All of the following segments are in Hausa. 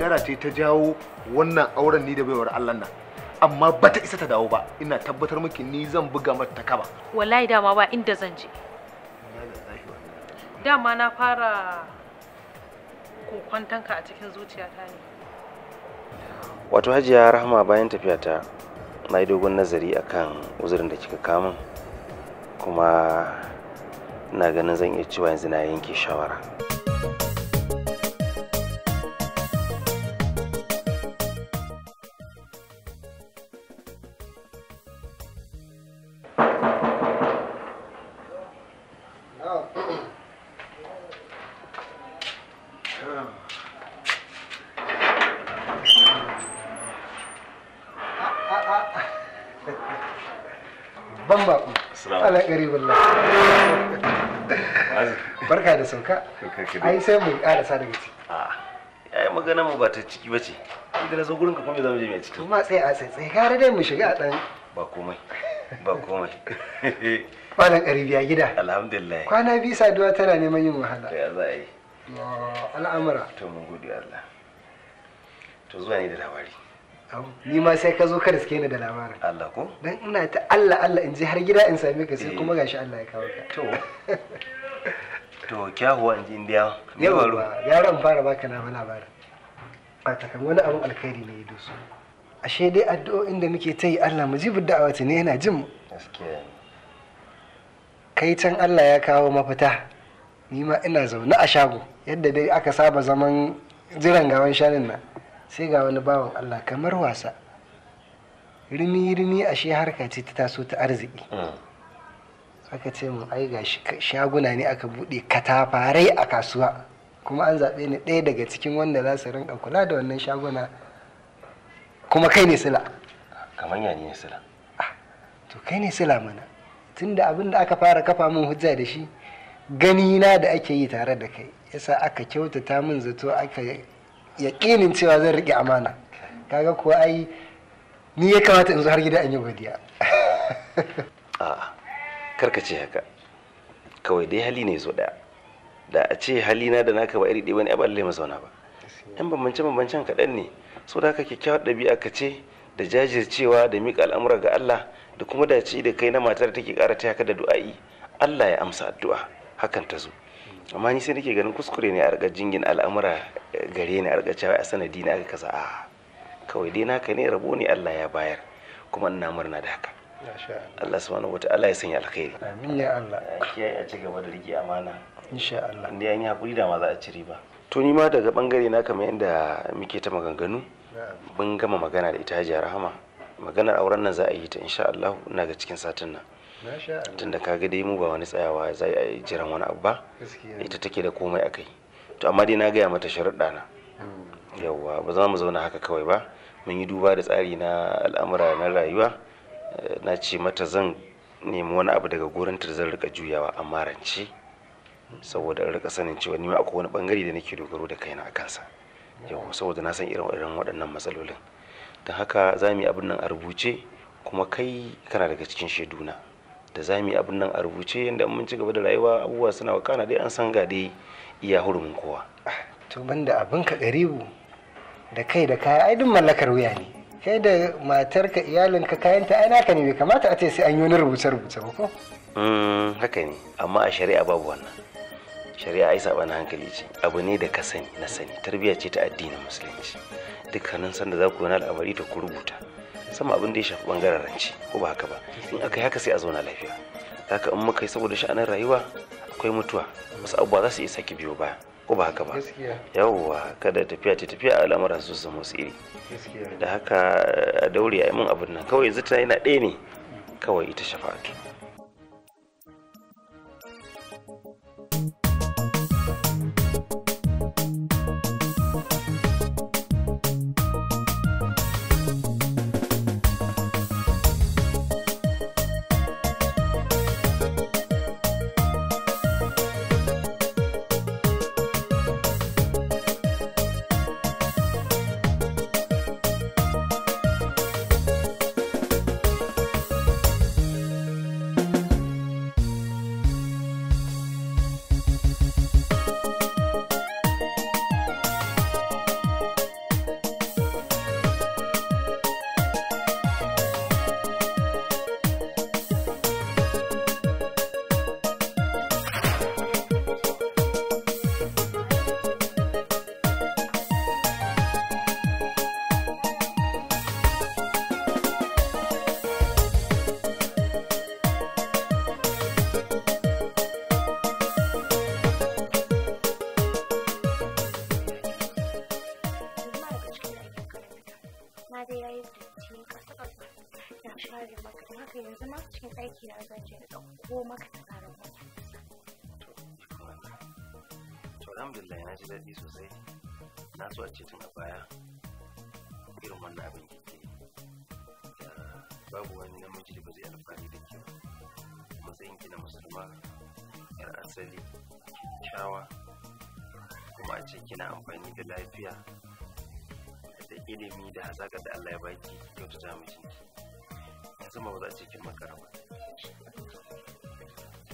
kaddara ce ta jawo wannan auren ni da baiwar Allah nan amma ba ta isa ta dawo ba ina tabbatar miki ni zan buga mata ta kaba wallahi dama ba inda zan je dama na fara kokwantanka a cikin zuciyata ne wato hajiya rahama bayan tafiyata na yi dogon nazari akan uzurin da kika kama kuma na ganin zan iya cewa yanzu na yanke shawara. ala ƙari billah barka da sauka ai sai mu magana mu ba ta ciki ba ce idan ka kuma zamu je mai ciki kuma dai mu shiga a dan ba komai ba komai kwanan ƙaribiya gida alhamdulillah kwana biyu saduwa tana neman yin wahala al'amura to zuwa ne da labari ni ma sai ka zo ka riske ni da labarin Allah ko dan ina ta Allah Allah in je har gida in same ka sai eh. kuma gashi Allah ya kawo ka to to kyahuwa in ji indiya ne baro ran fara baka na labarin a takan wani abin alkhairi ne ya su ashe dai addu'o'in da muke ta yi Allah mujibud da'awati ne yana jin gaskiya kai can Allah ya kawo mafita ni ma ina zaune a shago yadda dai aka saba zaman jiran gawan shanin nan sai ga wani bawan Allah kamar wasa rini rimi ashe harka ce ta taso ta arziki hmm. aka ce mun ai ga shaguna ne aka buɗe katafarai a kasuwa kuma an zaɓe ni ɗaya daga cikin wanda za su rinka kula da wannan shaguna kuma kai ne sila kamar ya ne sila ah, to kai ne sila mana tunda abin da aka fara kafa min hujja da shi gani na da ake yi tare da kai yasa aka kyautata min zato aka Yakinin cewa zan rike amana kaga kuwa ai ni ya kamata in zo har gida an yi godiya kar karka ce haka kawai dai hali ne zo daya da a ce halina da naka ba iri ɗaya wani aballe mazauna ba yan bambance bambancen kaɗan ne so da haka kyakkyawar ɗabi'a ka ce da jajircewa da miƙa al'amura ga Allah da kuma dace da kai na matar take ƙara ta haka da du'a'i Allah ya amsa addu'a hakan ta zo amma ni sai nake ganin kuskure ne a jingin al'amura eh, gare ni a riga cewa a sanadi na aka kaza a kawai dai naka ne rabo ne Allah ya bayar kuma ina murna da haka Allah subhanahu wata'ala ya sanya alkhairi amin ya Allah eh, kiyaye a ci da rike amana insha Allah ne an yi hakuri da ma za a ci riba to ni ma daga bangare na kamar yadda muke ta maganganu mun gama magana da ita Hajiya Rahama maganar auren nan za a yi ta insha Allah ina ga cikin satin nan tunda kaga dai mu ba wani tsayawa za a yi jiran wani abu ba ita take da komai a kai to amma dai na gaya mata sharuɗa na hmm. yawwa ba za mu zauna haka kawai ba mun yi duba da tsari na al'amura na rayuwa eh, na ce mata zan nemi wani abu daga gurin ta zan rika juyawa amma rance saboda rika sanin cewa ni akwai wani bangare da nake dogaro da kaina a kansa yawa saboda na san irin irin waɗannan matsalolin don haka za mu yi abun nan a rubuce kuma kai kana daga cikin shaiduna da za mu yi abin nan a rubuce yadda mun ci gaba da rayuwa abubuwa suna wakana dai an san ga dai iya hurumin kowa to banda abin ka garibu da kai da kaya ai duk mallakar wuya ne kai da matarka iyalinka kayanta ai naka ne bai kamata a ce sai an yi wani rubuce rubuce ba ko mm, haka ne amma a shari'a babu wannan shari'a ai na hankali ce abu ne da ka sani na sani tarbiyya ce ta addinin musulunci dukkanin sanda za ku wani al'amari ta ku rubuta sama abin da ya shafi bangaren ranci ko ba haka ba in aka yi haka sai a zauna lafiya haka in muka yi saboda sha'anin rayuwa akwai mutuwa wasu abubuwa za su iya sake biyo baya ko ba haka ba yawwa kada tafiya ta tafiya a al'amuran su zama su iri da haka a daure a yi min abin nan kawai yanzu yana ɗaya ne kawai ita shafa'atu ce kina amfani da lafiya da ilimi da hazaka da Allah ya baki kyautata miki yanzu ma ba za ce kin makara ba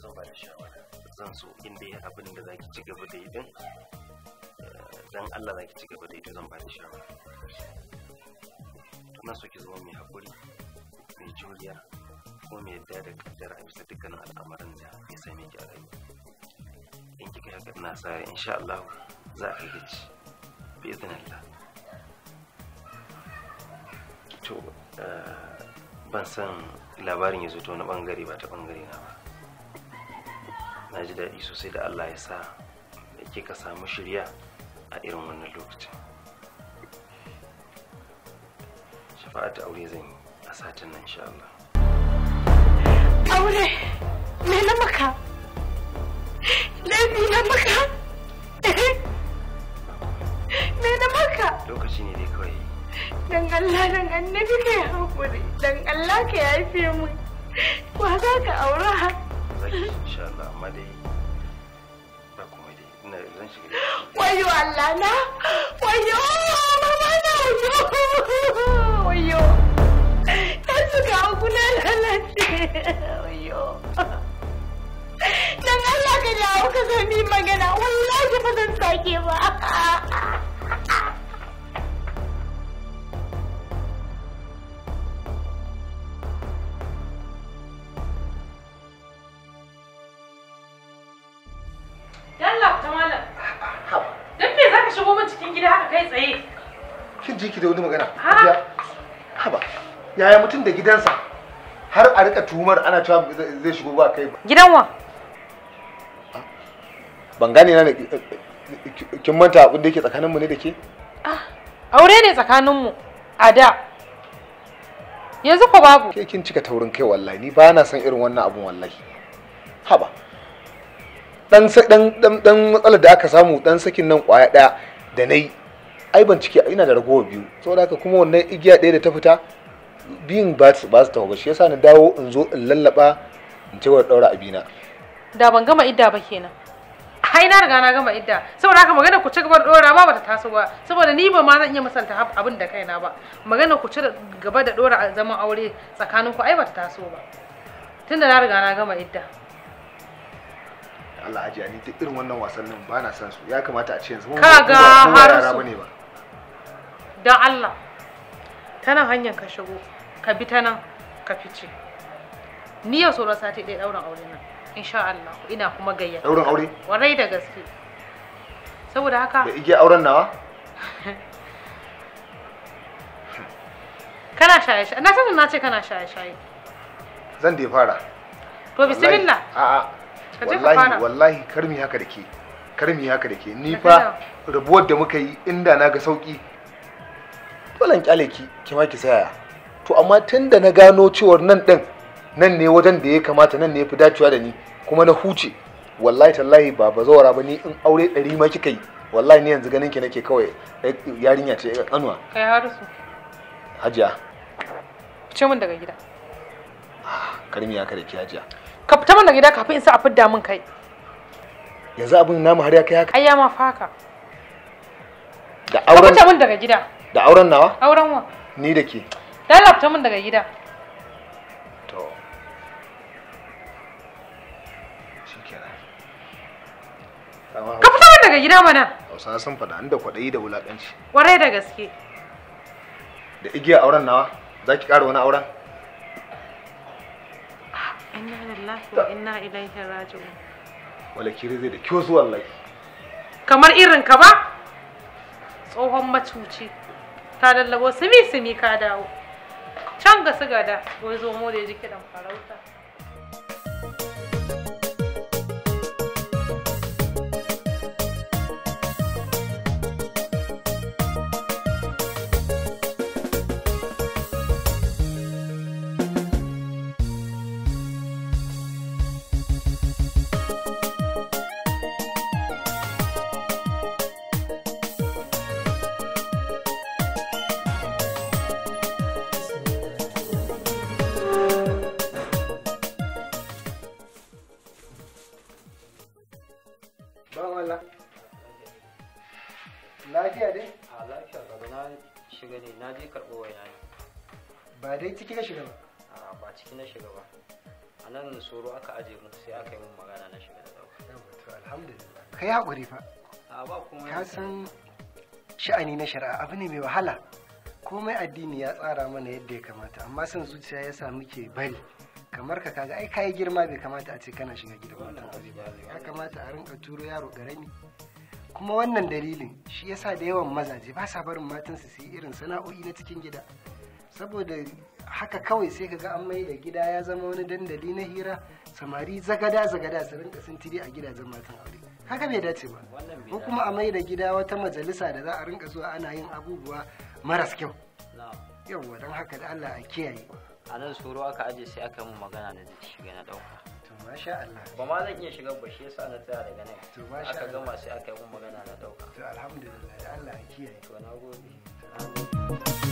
zan ba da shawara zan so inda ya abin da zaki ci gaba da yi din eh, dan Allah zaki ci gaba da yi zan ba da shawara na so ki zama mai haƙuri mai juriya ko mai yadda da kaddara a bisa dukkanin al'amarin da ya sani ki a rayuwa in kika haka na sa insha Allah za a iya ci bi to eh, ban san labarin ya zo ta wani bangare ba ta bangare na ba na ji daɗi sosai da allah ya sa da ke ka samu shirya a irin wannan lokacin shafa'a ta aure zan yi a satin nan insha Allah. aure me na maka laifi na maka lokaci ne dai kawai dan Allah dan annabi ka yi hakuri dan Allah ka yafe mu za ka aura zaki insha Allah amma dai ba kuma dai ina zan shiga wayo Allah na wayo mama na wayo wayo ta suka kuna lalace wayo dan Allah ka dawo ka sami magana wallahi ba zan sake ba yaya mutum da gidansa har a rika tuhumar ana cewa zai shigo ba kai ba gidan wa ban gane na kin manta abin da yake tsakaninmu ne da ke ah, aure ne tsakaninmu a da yanzu ko babu ke kin cika taurin kai wallahi ni ba na son irin wannan abun wallahi haba dan dan dan matsalar da aka samu dan sakin nan kwaya daya da nayi ai ban ciki ina da ragowa biyu saboda haka kuma wannan igiya daya da ta fita biyun ba su ba su tafi ba shi yasa na dawo in zo in lallaba in ce wa daura abina da ban gama idda ba kenan ai na riga na gama idda saboda haka magana ku ci gaba da ɗora ba bata taso ba saboda ni ba ma zan iya musanta abin da kaina ba magana ku ci gaba da a zaman aure tsakanin ku ai bata taso ba tunda na riga na gama idda Allah ajiya ni duk irin wannan nan ba na san su ya kamata a ce yanzu ba yara bane ba dan Allah tana hanyar ka shigo ka bi ta nan ka fice ni yau sauran sati ɗaya ɗaurin aure nan insha Allah ina kuma gayya ɗaurin aure warai da gaske saboda haka da igiya auren nawa kana shaye shaye na sanin na ce kana shaye shaye zan dai fara to bismillah a'a wallahi wallahi karmi haka da ke karmi haka da ke ni fa rabuwar da muka yi inda na ga sauki balan kyale ki ki ma ki saya to amma tun da na gano cewar nan din nan ne wajen da ya kamata nan ne ya fi dacewa da ni kuma na huce wallahi tallahi ba ba zawara ba ni in aure ɗari ma kika yi wallahi ni yanzu ganin ki nake kawai eh, yarinya ce ga eh, kanuwa kai su. hajiya fice min daga gida ah, karmi ya kare ki hajiya ka fita min daga gida kafin in sa a fidda min kai yanzu abin namu har ya kai haka ayya ma faka da auren ka fita min daga gida da auren nawa auren wa ni da ke lalabta min daga gida to ka fita mun daga gida mana hausa sun faɗa inda kwaɗayi da wulaƙanci ƙwarai da gaske da igiya auren nawa za ki ƙara wani auren inna lillahi wa inna ilaihi raji'un wala kiri zai da kyau zuwa wallahi kamar irin ka ba tsohon macuci ta lallabo sumi sumi ka dawo can ga siga da wai zo more ji kiɗan farauta ciki ka shiga ba a ba ciki na shiga ba a nan tsoro aka aje mu sai aka yi mun magana na shiga da dauka alhamdulillah kai hakuri fa a ba kuma ka san sha'ani na shari'a abu ne mai wahala komai addini ya tsara mana yadda ya kamata amma son zuciya ya sa muke bari kamar ka kaga ai kayi girma bai kamata a ce kana shiga gida. ya kamata a rinka turo yaro karami kuma wannan dalilin shi yasa da yawan mazaje ba sa barin matansu su yi irin sana'o'i na cikin gida saboda haka kawai sai ka ga an mai da gida ya zama wani dandali na hira samari zagada zagada su rinka sintiri a gidajen matan aure haka bai dace ba ko kuma a mai da gida wata majalisa da za a rinka zuwa ana yin abubuwa maras kyau yawwa don haka da Allah a kiyaye a nan tsoro aka aje sai aka mu magana da shiga na dauka to masha Allah ba ma zan iya shiga ba shi yasa na tsaya daga nan to masha Allah aka gama sai aka yi magana na dauka to alhamdulillah Allah a kiyaye to nagode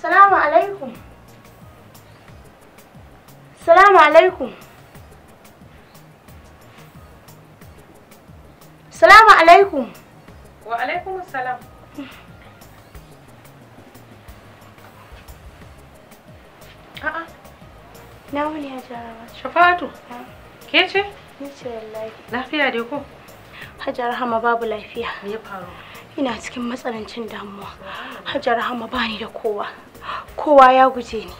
Salamu alaikum. Salamu alaikum. Na wuni ya Shafatu. Ke ce? Lafiya dai ko? Hajar Rahama babu lafiya. Me ya faru? Ina cikin matsanancin damuwa. Hajar Rahama bani da kowa. Kowa ya guje ni.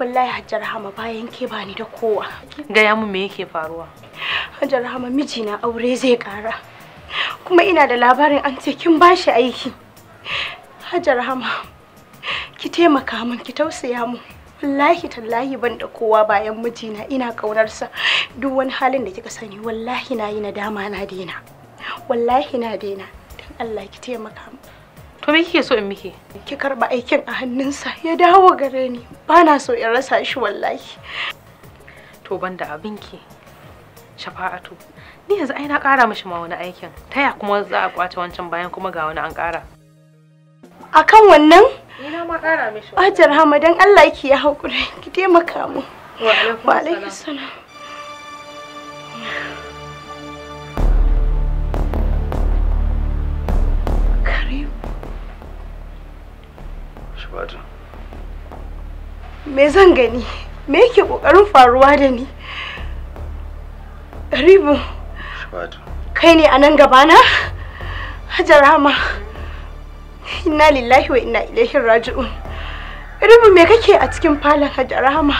Wallahi Hajar Rahama bayan ke bani da kowa. Gaya mu me yake faruwa? Hajar Rahama mijina aure zai ƙara. Kuma ina da labarin an ce kin bashi aiki. Hajar Rahama ki taimaka min ki tausaya mu. wallahi tallahi ban da kowa bayan mijina ina ƙaunarsa duk wani halin da kika sani wallahi na yi dama na daina wallahi na daina don Allah ki taimaka to me kike so in miki ki karba aikin a hannunsa ya dawo gare ni ba na so in rasa shi wallahi to banda abinki shafa'atu ni yanzu ai na ƙara mishi ma wani aikin taya kuma za a kwace wancan bayan kuma ga wani an ƙara akan wannan Ina ma kara mishi. Hajar Hama Allah yake ya haƙura. ki taimaka mu. Wa alaikum salam. Karim. Shubatu. Me zan gani? Me yake kokarin faruwa da ni? Karibu. Shubatu. Kai ne a nan na Hajar Hama. inna lillahi wa inna ilaihi raji'un rubu me kake a cikin falon hajji rahama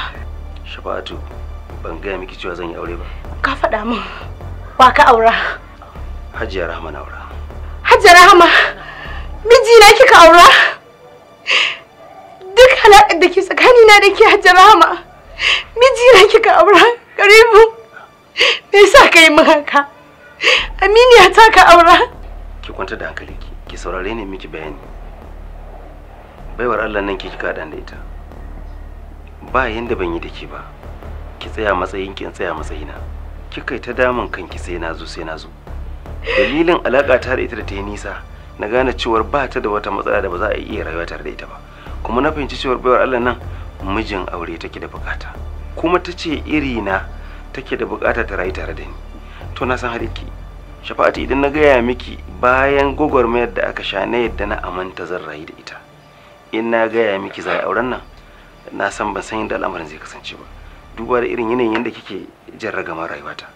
shafatu ban gaya miki cewa zan yi aure ba ka faɗa min wa ka aura hajiya rahama na aura hajiya rahama miji na kika aura duk halaƙar da ke tsakanina da ke hajiya rahama miji na kika aura karibu me yasa ka yi min haka aminiya ta ka aura ki kwanta da hankalinki ki saurare ni miki bayani baiwar allah nan ki kika da ita ba yanda ban yi da ki ba ki tsaya matsayin ki tsaya matsayina kika ta damun kanki sai na zo sai na zo dalilin alaka ta da ita da ta yi nisa na gane cewar ba ta da wata matsala da ba za a iya rayuwa tare da ita ba kuma na fahimci cewar baiwar allah nan mijin aure take da bukata kuma ta ce na take da bukata ta rayu tare da ni to na san har shafa'atu idan na gaya miki bayan gwagwarmayar da aka sha na yadda na amanta zan rayu da ita in na gaya miki za auren nan na san ban san yadda al'amarin zai kasance ba duba da irin yanayin yadda kike jan ragamar rayuwata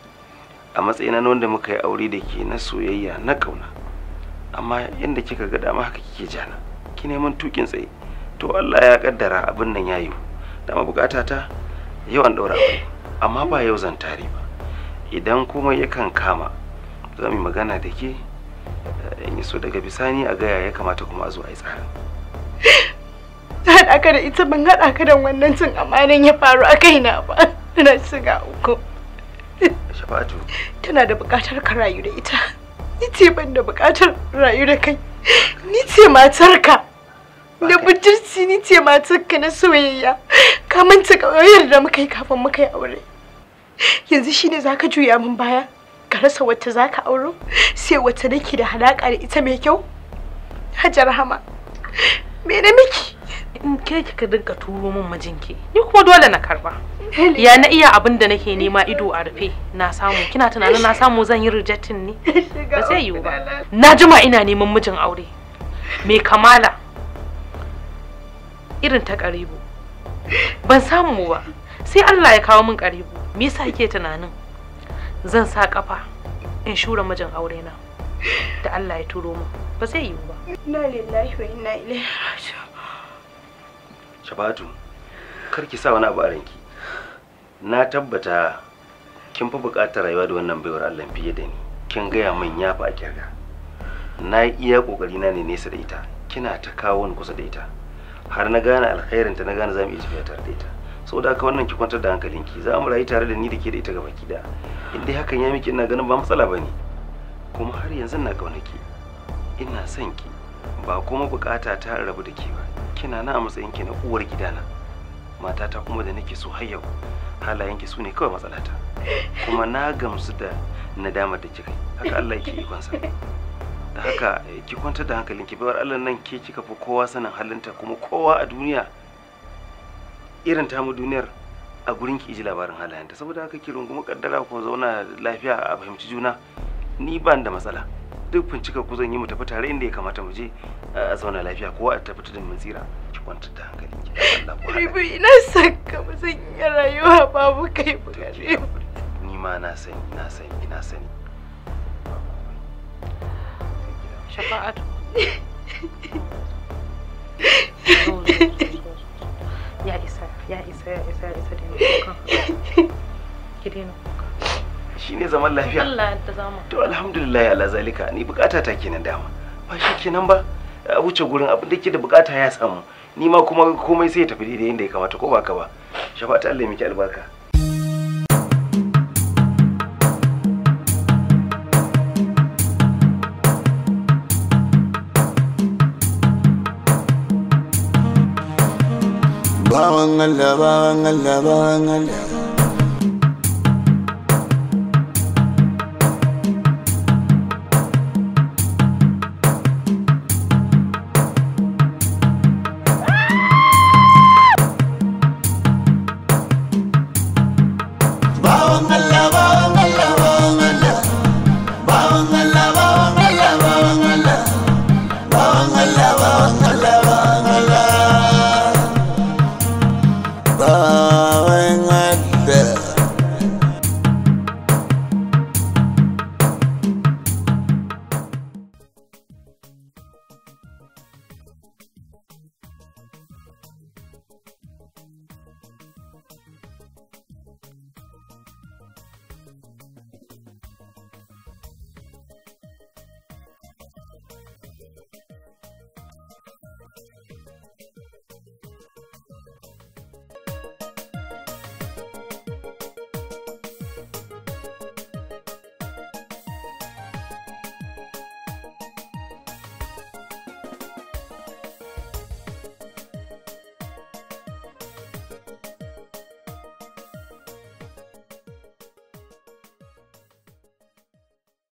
a matsayina na wanda muka yi aure da ke na soyayya na kauna amma yadda kika ga dama haka kike jana ki neman tukin tsaye to Allah ya kaddara abin nan yayi dama bukata ta yawan daura amma ba yau zan tare ba idan komai yakan kama za mu magana da ke eh, in yi so daga bisani a gaya ya kamata kuma a zo a yi tsarin ta haɗa ka da ita ban haɗa ka da wannan cin amanin ya faru a na ba tana shiga uku shafatu tana da buƙatar ka rayu da ita ni ce ban da buƙatar rayu da kai ni ce ka. da budurci ni ce matarka na soyayya ka manta ƙauyar da muka yi kafin muka yi aure yanzu shine zaka juya min baya ka rasa wacce za ka auro sai wacce nake da halaƙa da ita mai kyau hajar hama mene miki in ke ka dinka turo min mijinki ni kuma dole na karba ya na iya abin da nake nema ido a rufe na samu kina tunanin na samu zan yi rejectin ne ba sai yiwu ba na jima ina neman mijin aure mai kamala irin ta karibu ban samu ba sai Allah ya kawo min karibu me yasa kike tunanin zan sa kafa in shura mijin aure na da Allah ya turo mu ba zai yiwu ba inna lillahi wa inna ilaihi raji'un Shabatu kar ki sa wani abu a ranki na tabbata kin fi buƙatar rayuwa da wannan baiwar Allah fiye da ni kin gaya min ya fi a kirga na yi iya kokari na ne nesa da ita kina ta kawo ni kusa da ita har na gane alkhairinta na gane za mu iya tafiya tare da ita saboda haka wannan ki kwantar da hankalinki za mu rayu tare da ni da ke da ita gaba ki da in dai hakan ya miki ina ganin ba matsala bane ne kuma har yanzu na kauna ki ina son ki ba kuma bukata ta rabu da ke ba kina na a matsayin ki na uwar gidana matata kuma da nake so har yau halayen ki sune kawai matsalata kuma na gamsu da nadamar da kika haka Allah yake ikon da haka eh, ki kwantar da hankalinki baiwar Allah nan ke kika fi kowa sanin halinta kuma kowa a duniya irin tamu duniyar a gurin ki ji labarin halayenta saboda haka ki rungumi kaddara ko zauna lafiya a fahimci juna ni ban da matsala duk bincika ku zan yi mu tafi tare inda ya kamata mu je a zauna lafiya kowa a tafi tudun mun tsira ki kwantar da hankali ki Allah ku ribu ina san ka ba zan iya rayuwa babu kai mu ni ma na san na san ina san shafa'atu ya isa ya isa ya isa da ni ki daina ne zaman lafiya Allah da zama to alhamdulillah ala zalika ni bukata ta kenan dama ba shi kenan ba a wuce gurin abin da ke da bukata ya samu ni ma kuma komai sai ya tafi daidai yadda ya kamata ko ba ka ba shafa'atu Allah ya miki albarka വാങ്ങല്ല വാങ്ങല്ല വാങ്ങല്ല